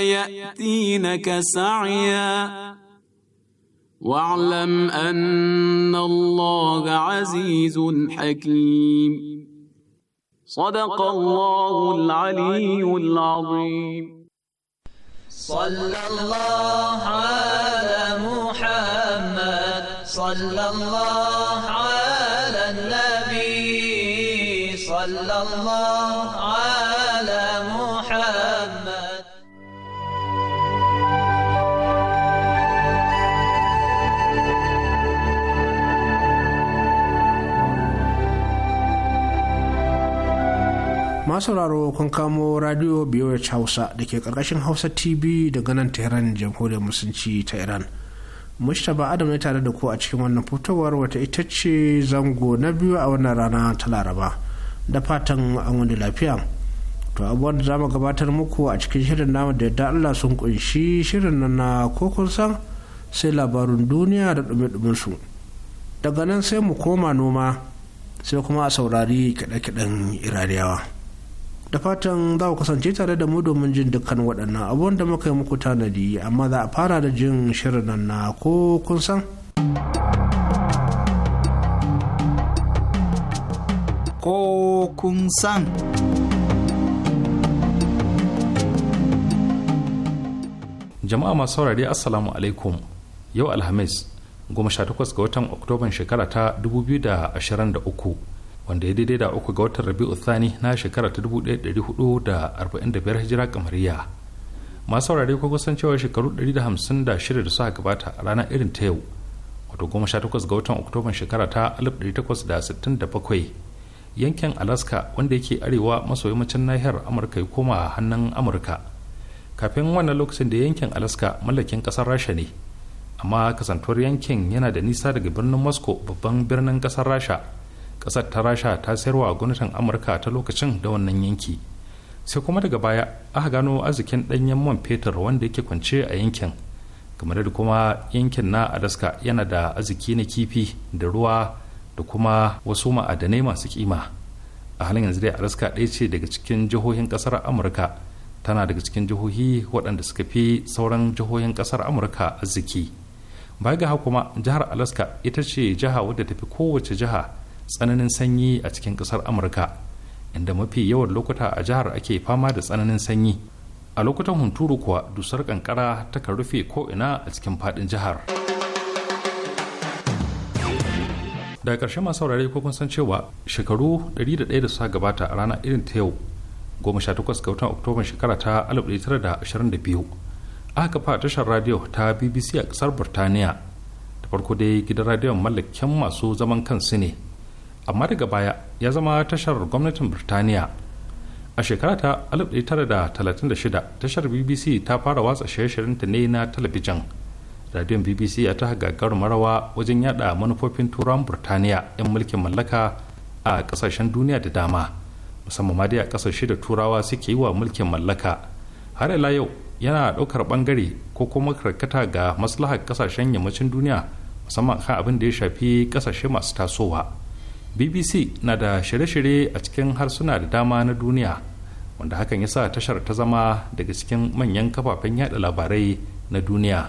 يأتينك سعيا واعلم أن الله عزيز حكيم صدق الله العلي العظيم صلى الله على محمد صلى الله على النبي صلى الله masu sauraro kun kamo radio biyoyi hausa da ke karkashin hausa tv daga nan tehran jamhuriyar musulunci ta iran mustapha adam ya tare da ku a cikin wannan fitowar wata ita ce zango na biyu a wannan rana ta laraba da fatan an wani lafiya to abubuwan da za mu gabatar muku a cikin shirin namu da yadda allah sun kunshi shirin nan na kokon san sai labarun duniya da dumi su daga nan sai mu koma noma sai kuma a saurari kiɗe-kiɗen iraniyawa da fatan za ku kasance tare da mu domin jin dukkan waɗannan abubuwan da muka yi muku tanadi amma za a fara da jin shirin nan na ko kun san ko kun san jama'a masu saurari assalamu alaikum yau alhamis 18 ga watan oktoban shekara ta 2023 wanda ya daidai da uku ga watan rabi'u thani na shekara ta 1445 hijira kamariya masu saurare ko kusan cewa shekaru 156 da suka gabata a ranar irin ta yau wato 18 ga watan oktoban shekara ta 1867 yankin alaska wanda yake arewa maso yammacin nahiyar amurka ya koma hannun amurka kafin wannan lokacin da yankin alaska mallakin kasar rasha ne amma kasantuwar yankin yana da nisa daga birnin moscow babban birnin kasar rasha kasar ta rasha ta sayarwa gwamnatin amurka ta lokacin da wannan yanki sai kuma daga baya aka gano arzikin ɗanyen man fetur wanda yake kwance a yankin kamar da kuma yankin na Alaska yana da arziki na kifi da ruwa da kuma wasu ma'adanai masu kima a halin yanzu dai alaska ɗaya ce daga cikin jihohin ƙasar amurka tana daga cikin jihohi waɗanda suka fi sauran jihohin ƙasar amurka arziki baya ga kuma jihar alaska ita ce jiha wadda ta fi kowace jiha tsananin sanyi a cikin ƙasar amurka inda mafi yawan lokuta a jihar ake fama da tsananin sanyi a lokutan hunturu kuwa dusar kankara ta rufe ko'ina a cikin faɗin jihar daga ƙarshe masu saurare ko kun san cewa shekaru 101 da suka gabata a rana irin ta yau 18 ga watan oktoban shekara ta 1922 aka kafa tashar radio ta bbc a ƙasar burtaniya da farko dai gidan radiyon mallaken masu zaman kansu ne amma daga baya ya zama tashar gwamnatin birtaniya a shekara ta 1936 tashar bbc ta fara watsa shirye-shiryenta ne na talabijin radiyon bbc ya ta gagarumar marawa wajen yada manufofin turan birtaniya 'yan mulkin mallaka a kasashen duniya da dama musamman ma dai a kasashe da turawa suke yi wa mulkin mallaka har ila yau yana daukar bangare ko kuma karkata ga maslahar kasashen yammacin duniya musamman kan abin da ya shafi kasashe masu tasowa bbc na da shirye-shirye a cikin harsuna da dama na duniya wanda hakan ya sa tashar ta zama daga cikin manyan kafafen yada labarai na duniya.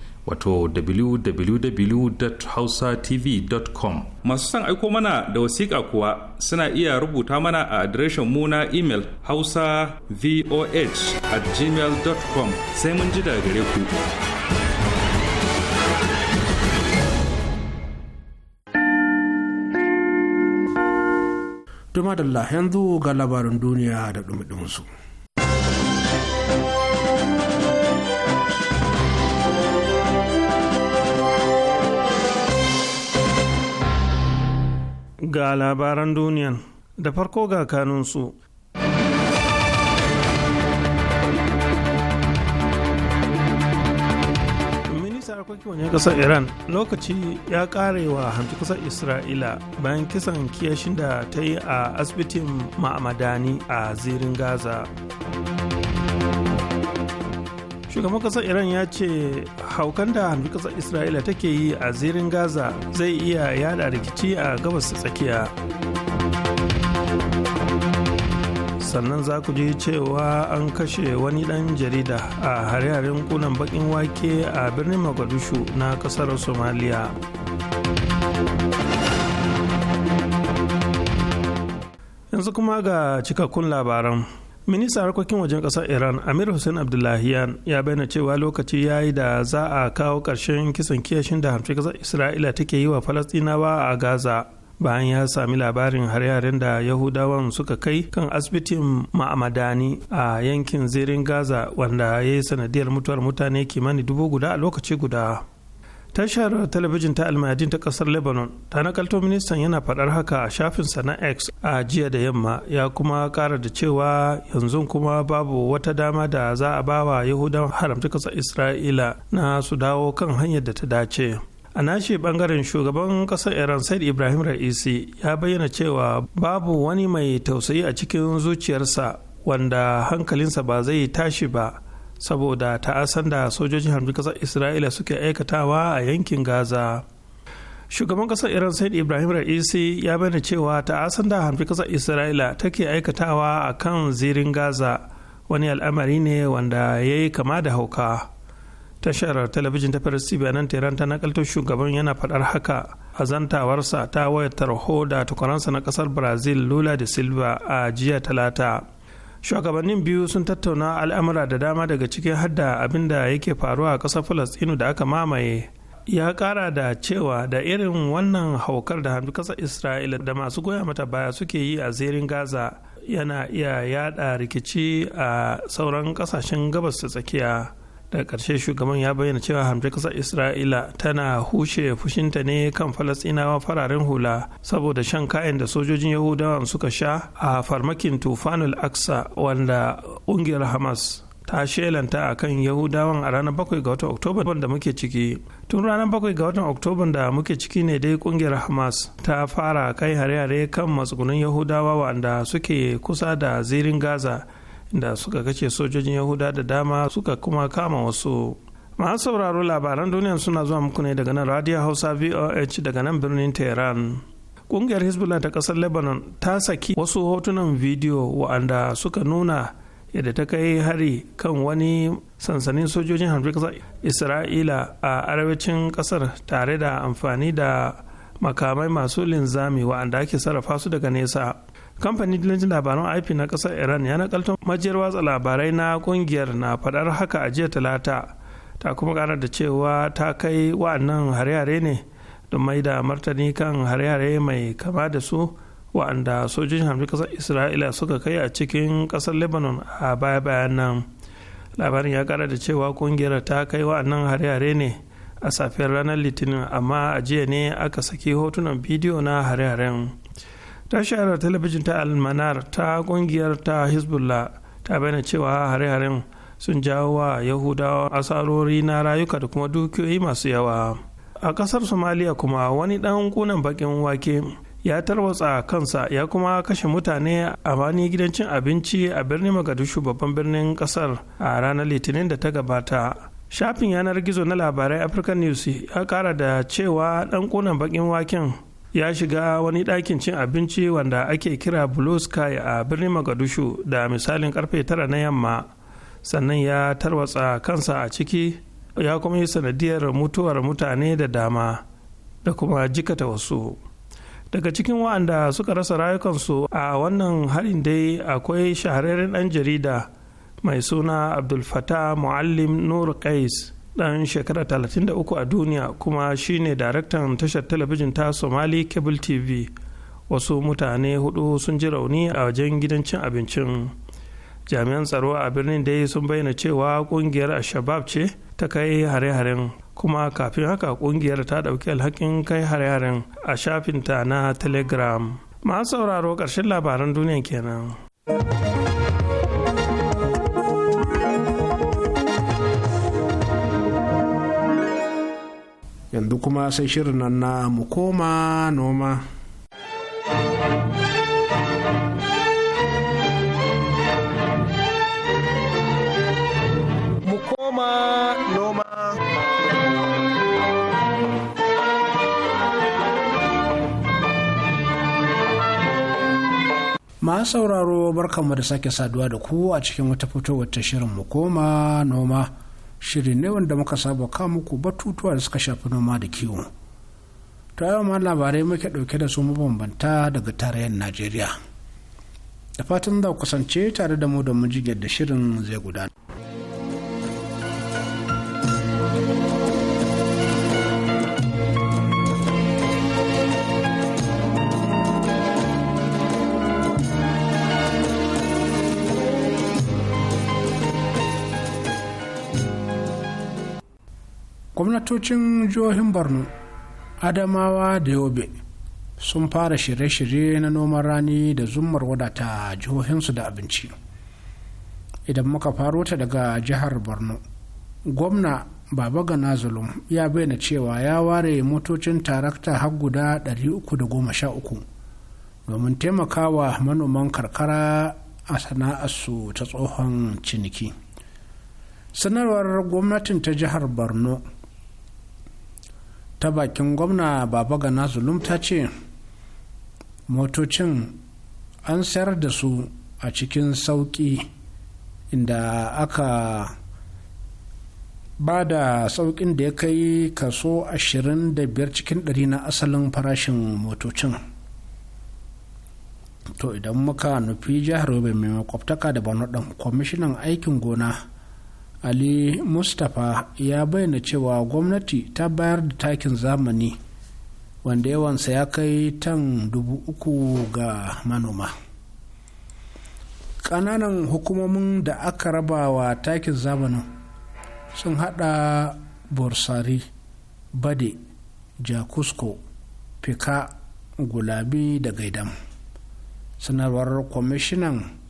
wato www.hausatv.com masu son aiko mana da wasiƙa kuwa suna iya rubuta mana a adireshin mu na imel hausa voh at gmail.com sai mun ji gare ku tuma da yanzu ga labarin duniya da dumi su. ga labaran duniyan da farko ga kanunsu ministan harkokin wajen kasar iran lokaci ya kare wa hamci isra'ila bayan kisan kiyashin da ta yi a asibitin ma'amadani a zirin gaza shugaban kasar iran ya ce haukan da hannun kasar isra'ila take yi a zirin gaza zai iya yada rikici a gabas tsakiya sannan za ku ji cewa an kashe wani ɗan jarida a hare-haren kunan bakin wake a birnin mogadishu na ƙasar somaliya yanzu kuma ga cikakkun labaran ministan harkokin wajen kasar iran amir hussein abdullahiyan ya bayyana cewa lokaci ya yi da za a kawo ƙarshen kisan kiyashin da hamsin kasar isra'ila take yi wa falastinawa a gaza bayan ya sami labarin har yaren da yahudawan suka kai kan asibitin ma'amadani a yankin zirin gaza wanda ya yi sanadiyar mutuwar mutane kimanin dubu guda a lokaci guda tashar talabijin ta almadin ta kasar lebanon ta nakalto ministan yana faɗar haka a shafinsa na x a jiya da yamma ya kuma kara da cewa yanzu kuma babu wata dama da za a bawa yahudan haramta kasar isra'ila na su dawo kan hanyar da ta dace a nashi bangaren shugaban kasar iran said ibrahim ra'isi ya bayyana cewa babu wani mai tausayi a cikin zuciyarsa wanda hankalinsa ba zai tashi ba saboda ta'asan da sojojin harbin kasar isra'ila suke aikatawa a yankin gaza shugaban kasar iran said ibrahim ra'isi ya bayyana cewa ta'asan da harbin kasar isra'ila take aikatawa a kan zirin gaza wani al'amari ne wanda ya yi kama da hauka tashar talabijin ta paris tv tehran ta nakalto shugaban yana faɗar haka a zantawarsa ta wayar tarho da tukuransa na kasar brazil lula da silva a jiya talata shugabannin biyu sun tattauna al'amura da dama daga cikin hadda abin da yake faruwa a ƙasar falastinu da aka mamaye ya kara da cewa da irin wannan haukar da hannu ƙasar isra'ila da masu goya mata baya suke yi a zirin gaza yana iya yada rikici a sauran ƙasashen gabas ta tsakiya daga ƙarshe shugaban ya bayyana cewa hamshe kasa isra'ila tana hushe fushinta ne kan falasɗinawa fararen hula saboda shan kayan da sojojin yahudawa suka sha a farmakin tufanul aksa wanda ƙungiyar hamas ta shelanta a kan yahudawan a ranar 7 ga watan oktoba da muke ciki tun ranar 7 ga watan oktoba da muke ciki ne dai kungiyar hamas ta fara kai hare-hare kan matsugunan yahudawa wanda suke kusa da zirin gaza da suka kace sojojin yahuda da dama suka kuma kama wasu masu sauraro labaran duniya suna zuwa muku ne daga nan radio hausa voh daga nan birnin tehran kungiyar hezbollah ta kasar lebanon ta saki wasu hotunan bidiyo wa'anda suka nuna yadda ta kai hari kan wani sansanin sojojin hamshin kasar isra'ila a arewacin kasar tare da amfani da makamai masu linzami wa'anda ake sarrafa su daga nesa kamfanin dillancin labaran ip na kasar iran ya nakalto majiyar watsa labarai na kungiyar na fadar haka a jiya talata ta kuma kara da cewa ta kai wa'annan hare-hare ne don mai da martani kan hare-hare mai kama da su wa'anda sojojin hamdi kasar isra'ila suka kai a cikin kasar lebanon a baya-bayan nan labarin ya kara da cewa kungiyar ta kai wa'annan hare-hare ne a safiyar ranar litinin amma a jiya ne aka saki hotunan bidiyo na hare-haren tashar talabijin ta almanar ta kungiyar ta hezbollah ta bayyana cewa hare-haren sun jawo wa yahudawa asarori na rayuka da kuma dukiyoyi masu yawa a kasar somaliya kuma wani dan kunan bakin wake ya tarwatsa kansa ya kuma kashe mutane a wani gidan cin abinci a birnin magadishu babban birnin kasar a ranar litinin da ta gabata shafin yanar gizo na labarai african news ya kara da cewa dan kunan bakin waken ya shiga wani ɗakin cin abinci wanda ake kira blue sky a birnin magadushu da misalin karfe tara na yamma sannan ya tarwatsa kansa a ciki ya kuma yi sanadiyar mutuwar mutane da dama da kuma jikata wasu daga cikin wa'anda suka rasa rayukansu a wannan harin dai akwai shahararren ɗan jarida mai suna abdulfata muallim nur qais dan shekara 33 a duniya kuma shine daraktan tashar talabijin ta somali cable tv wasu mutane hudu sun ji rauni a wajen gidan cin abincin jami'an tsaro a birnin dai sun bayyana cewa kungiyar shabab ce ta kai hare-haren kuma kafin haka kungiyar ta ɗauki alhakin kai hare-haren a shafinta na telegram masu sauraro ƙarshen labaran duniya kenan. yanzu kuma sai shirin nan na mu koma noma ma sauraro barkanmu da sake saduwa da ku a cikin wata fitowar ta shirin mu koma noma shirin ne wanda muka saba kawo muku batutuwa da suka shafi noma da kiwo ta yau ma labarai muke dauke da su mabambanta daga tarayyar najeriya da fatan za kusance tare da mu da mujiyar da shirin zai gudana. gwamnatocin jihohin borno adamawa da yobe sun fara shirye-shirye na noman rani da zumar wadata jihohinsu da abinci idan muka faro ta daga jihar borno gwamna baba gana zulum ya bayyana cewa ya ware motocin tarakta har guda 313 domin taimakawa manoman karkara a sana'arsu ta tsohon ciniki sanarwar gwamnatin ta jihar borno ta bakin gwamna baba ga zulum ce motocin an sayar da su a cikin sauƙi inda aka ba da sauƙin da ya kai kaso 25 cikin 100 na asalin farashin motocin to idan muka nufi jihar yobe mai makwabtaka da bano ɗan kwamishinan aikin gona ali mustapha ya bayyana cewa gwamnati ta bayar da takin zamani wanda yawansa ya kai tan dubu uku ga manoma ƙananan hukumomin da aka raba wa takin zamanin sun haɗa borsari bade jakusko fika gulabi da gaidam sanarwar kwamishinan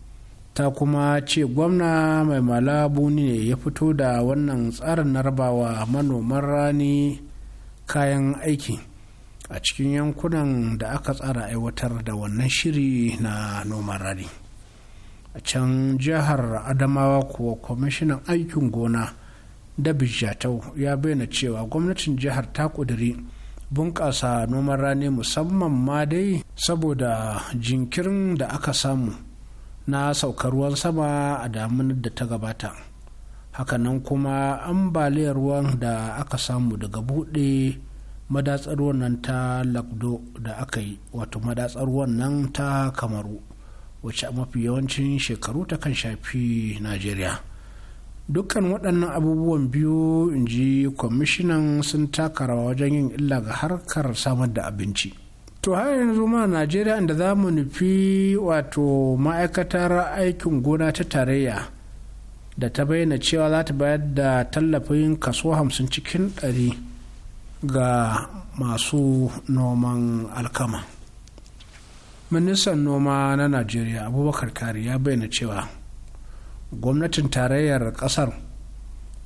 ta kuma ce gwamna mai malabu ne ya fito da wannan tsarin narbawa manoman rani kayan aiki a cikin yankunan da aka tsara aiwatar da wannan shiri na noman rani a can jihar adamawa kuwa kwamishinan aikin gona da bijatau ya bayyana cewa gwamnatin jihar ta ƙudiri bunƙasa noman rani musamman ma dai saboda jinkirin da aka samu na saukar ruwan sama a damunar da ta gabata hakanan kuma ambaliyar ruwan da aka samu daga buɗe madatsar nan ta lagdo da aka yi wato madatsar nan ta kamaru wacce a mafi yawancin shekaru ta kan shafi najeriya dukkan waɗannan abubuwan biyu in ji kwamishinan sun taka rawa wajen yin illa ga harkar samar da abinci to har yanzu ma najeriya inda za mu nufi wato ma'aikatar aikin gona ta tarayya da ta bayyana cewa za ta bayar da tallafin kaso 50 cikin 100 ga masu noman alkama ministan noma na najeriya abubakar kari ya bayyana cewa gwamnatin tarayyar kasar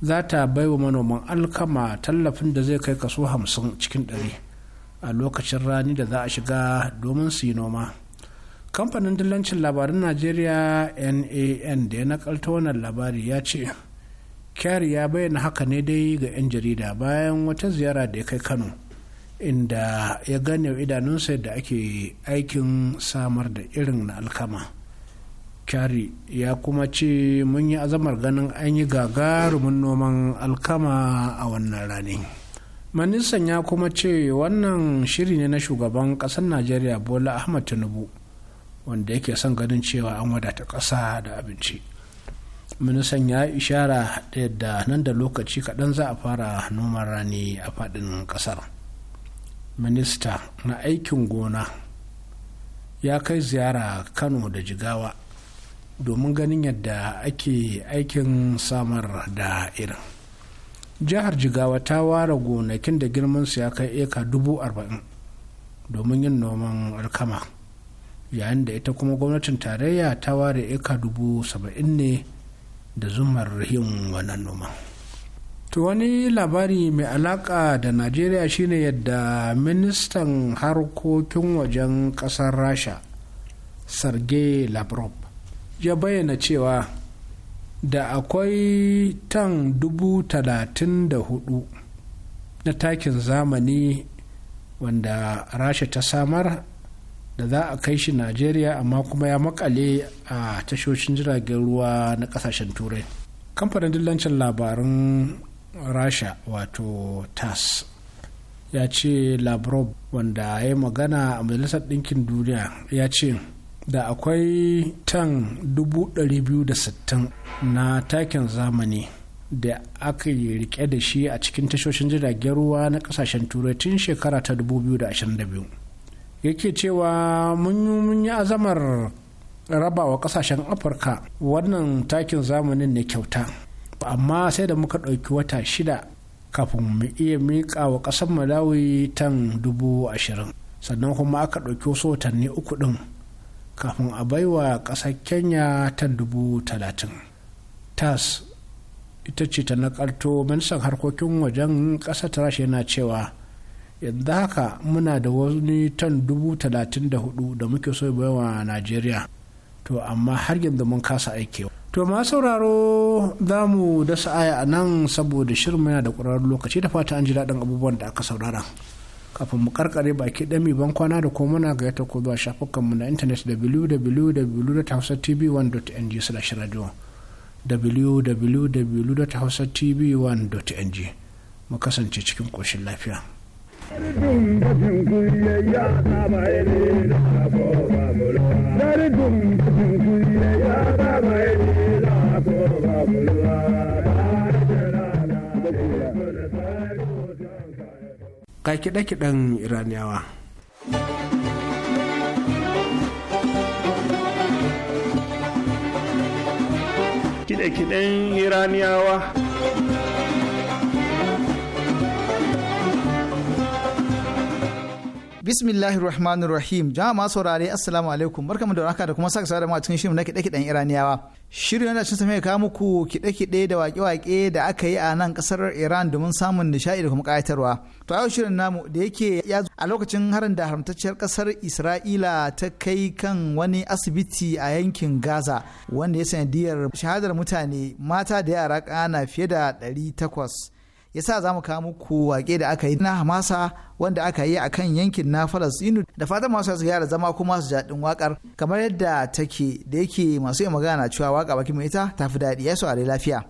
za ta bai wa manoman alkama tallafin da zai kai kaso 50 cikin 100 a lokacin rani da za a shiga domin su yi noma kamfanin dillancin labarin najeriya nan da ya nakalta wannan labari ya ce kyari ya bayyana haka ne dai ga 'yan jarida bayan wata ziyara da ya kai kano inda ya gane idanunsa da ake aikin samar da irin na alkama kyari ya kuma ce mun yi azamar ganin an yi gagarumin noman alkama a wannan rani. ministan ya kuma ce wannan shiri ne na shugaban kasar najeriya bola ahmad tinubu wanda yake son ganin cewa an wadata kasa da abinci ministan ya ishara da yadda nan da lokaci kaɗan za a fara noman rani a faɗin ƙasar minista na aikin gona ya kai ziyara kano da jigawa domin ganin yadda ake aikin samar da irin jihar jigawa ta ware gonakin da girmansu ya kai eka dubu arba'in domin yin noman alkama yayin da ita kuma gwamnatin tarayya ta ware eka dubu saba'in ne da zumar yin wannan noman to wani labari mai alaka da najeriya shine yadda ministan harkokin wajen kasar rasha sergei lavrov ya bayyana cewa da akwai tan dubu talatin da hudu na takin zamani wanda rasha ta samar da za a kai shi najeriya amma kuma ya makale a tashoshin jiragen ruwa na kasashen turai kamfanin dillancin labarun rasha wato tas ya ce lavrov wanda ya yi magana a majalisar ɗinkin duniya ya ce da akwai tan 260 na takin zamani da aka yi rike da shi a cikin tashoshin jiragen ruwa na kasashen turai tun shekara ta 2022 yake cewa mun yi azamar rabawa kasashen afirka wannan takin zamanin ne kyauta amma sai da muka ɗauki wata shida kafin mu iya miƙa wa ƙasar malawi tan 20,000 sannan kuma aka ɗauki wasu watanni uku ɗin kafin a baiwa ƙasar kenya tan dubu talatin tas ita ce ta nakalto ministan harkokin wajen ƙasar tarashi yana cewa yanzu haka muna da wani tan dubu talatin da hudu da muke so baiwa najeriya to amma har yanzu mun kasa aikewa to ma sauraro za mu dasa aya a nan saboda shirin yana da ƙwararren lokaci da fata an ji daɗin abubuwan da aka saurara kafin mu karkare baki dami ban kwana da kuma muna ta ko zuwa shafukanmu na intanet www.hausatv1.ng slash radio www.hausatv1.ng mu kasance cikin koshin lafiya. Dari dum ya ka kiɗe-kiɗen iraniyawa kiɗe-kiɗen iraniyawa bismillahir rahmanir rahim jama'a saurare assalamu alaikum barkamu da raka da kuma saka saurare ma cikin shirin na kiɗe-kiɗen iraniyawa Shirin yana cin ya kawo muku kiɗe-kiɗe da waƙe-waƙe da aka yi a nan ƙasar Iran domin samun nishaɗi da kuma ƙayatarwa. To yau shirin namu da yake ya a lokacin harin da haramtacciyar ƙasar Isra'ila ta kai kan wani asibiti a yankin Gaza wanda ya sanadiyar shahadar mutane mata da yara ƙana fiye da ɗari takwas. yasa za mu kawo muku wake da aka yi na hamasa wanda aka yi a kan yankin na falastinu da fatan masu su gyara zama kuma su jaɗin waƙar kamar yadda take da yake masu yi magana cewa waka bakin mai ita ta fi daɗi ya saurari lafiya.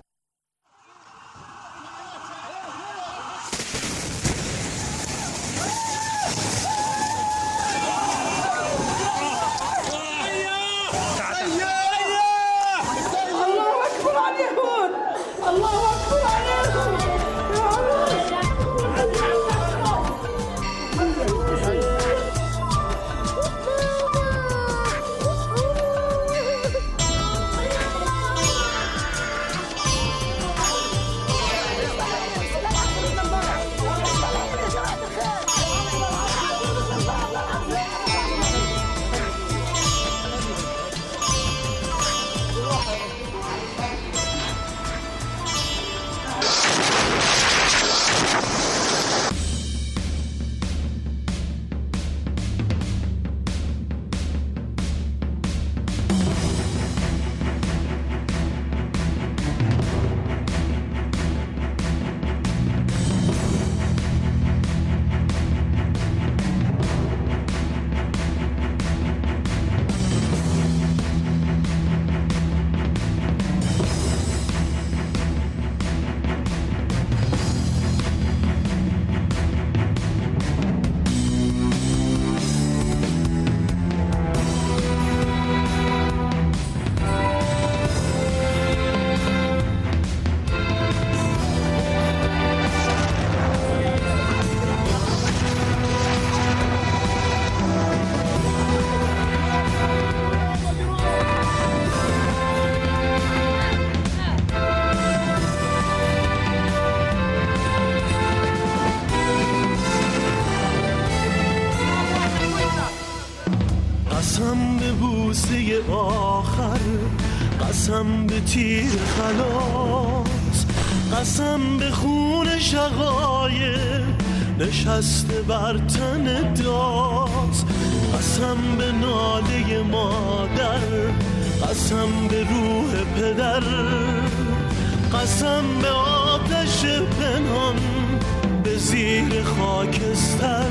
دلم به خون شقای نشسته بر تن داز قسم به ناله مادر قسم به روح پدر قسم به آتش پنهان به زیر خاکستر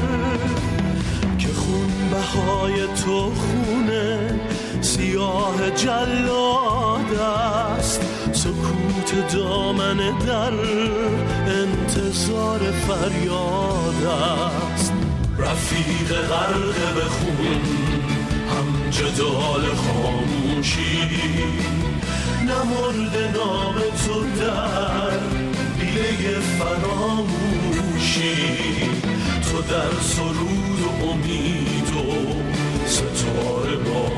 که خون بهای تو خونه سیاه جلاد است سکون تو دامن در انتظار فریاد است رفیق غرق به خون هم جدال خاموشی نمرد نام تو در بیله فراموشی تو در سرود و امید و ستاره با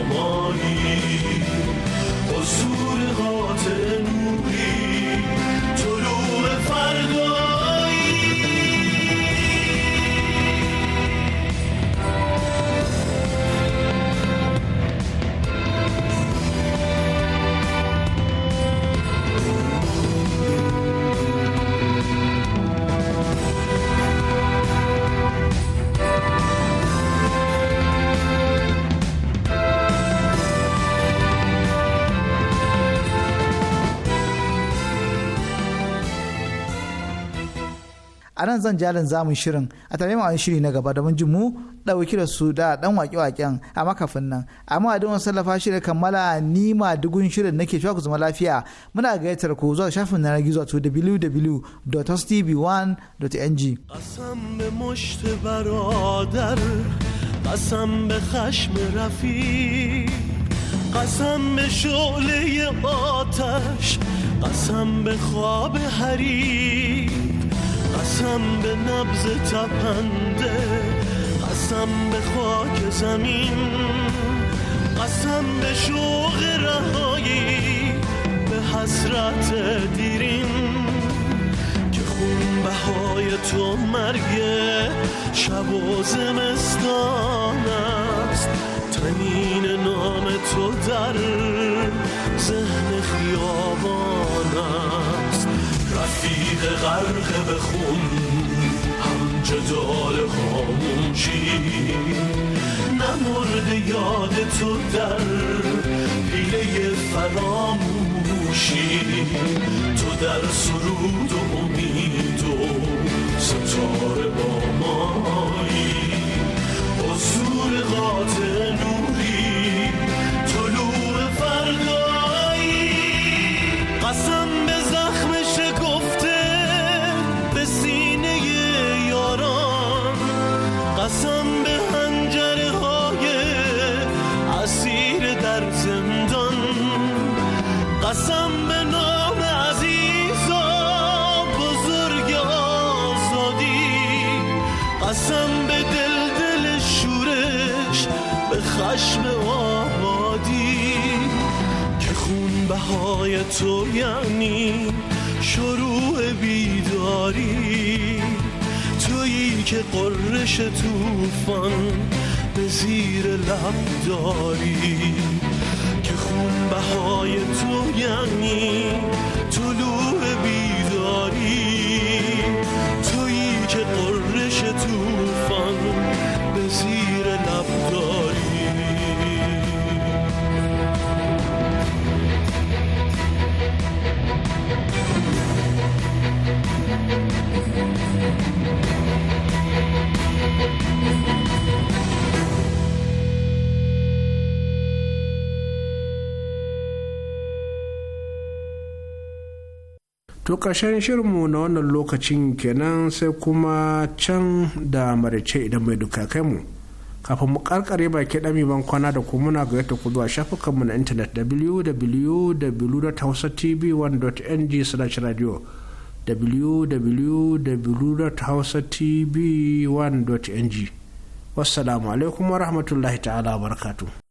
حضور قاتل نوری طلوع فردا nan zan jalin zamun shirin a tare mu wani shiri na gaba domin jin mu ɗauki da su da ɗan waƙe-waƙen a makafin nan amma a dukkan sallafa shirin kammala ni ma dugun shirin nake cewa ku zama lafiya muna gayyatar ku zuwa shafin na gizo to www.tv1.ng قسم به شعله آتش قسم به خواب حریق قسم به نبز تپنده قسم به خاک زمین قسم به شوق رهایی به حسرت دیرین که خون های تو مرگ شب و زمستان است تنین نام تو در ذهن خیابان رفیق غرق به خون هم جدال خاموشی نمرد یاد تو در پیله فراموشی تو در سرود و امید و ستار با مایی حضور قاطع نوری طلوع فردایی قسم تو یعنی شروع بیداری تویی که قررش توفان به زیر لب داری که خون بهای تو یعنی to ƙarshen shirinmu na wannan lokacin kenan sai kuma can da marice idan mai duka kai mu kafin mu karkare baki dami ban kwana da kuma muna gayyata ku zuwa shafukanmu na intanet www.hausatv1.ng/radio www.hausatv1.ng wassalamu alaikum wa rahmatullahi ta'ala barakatu.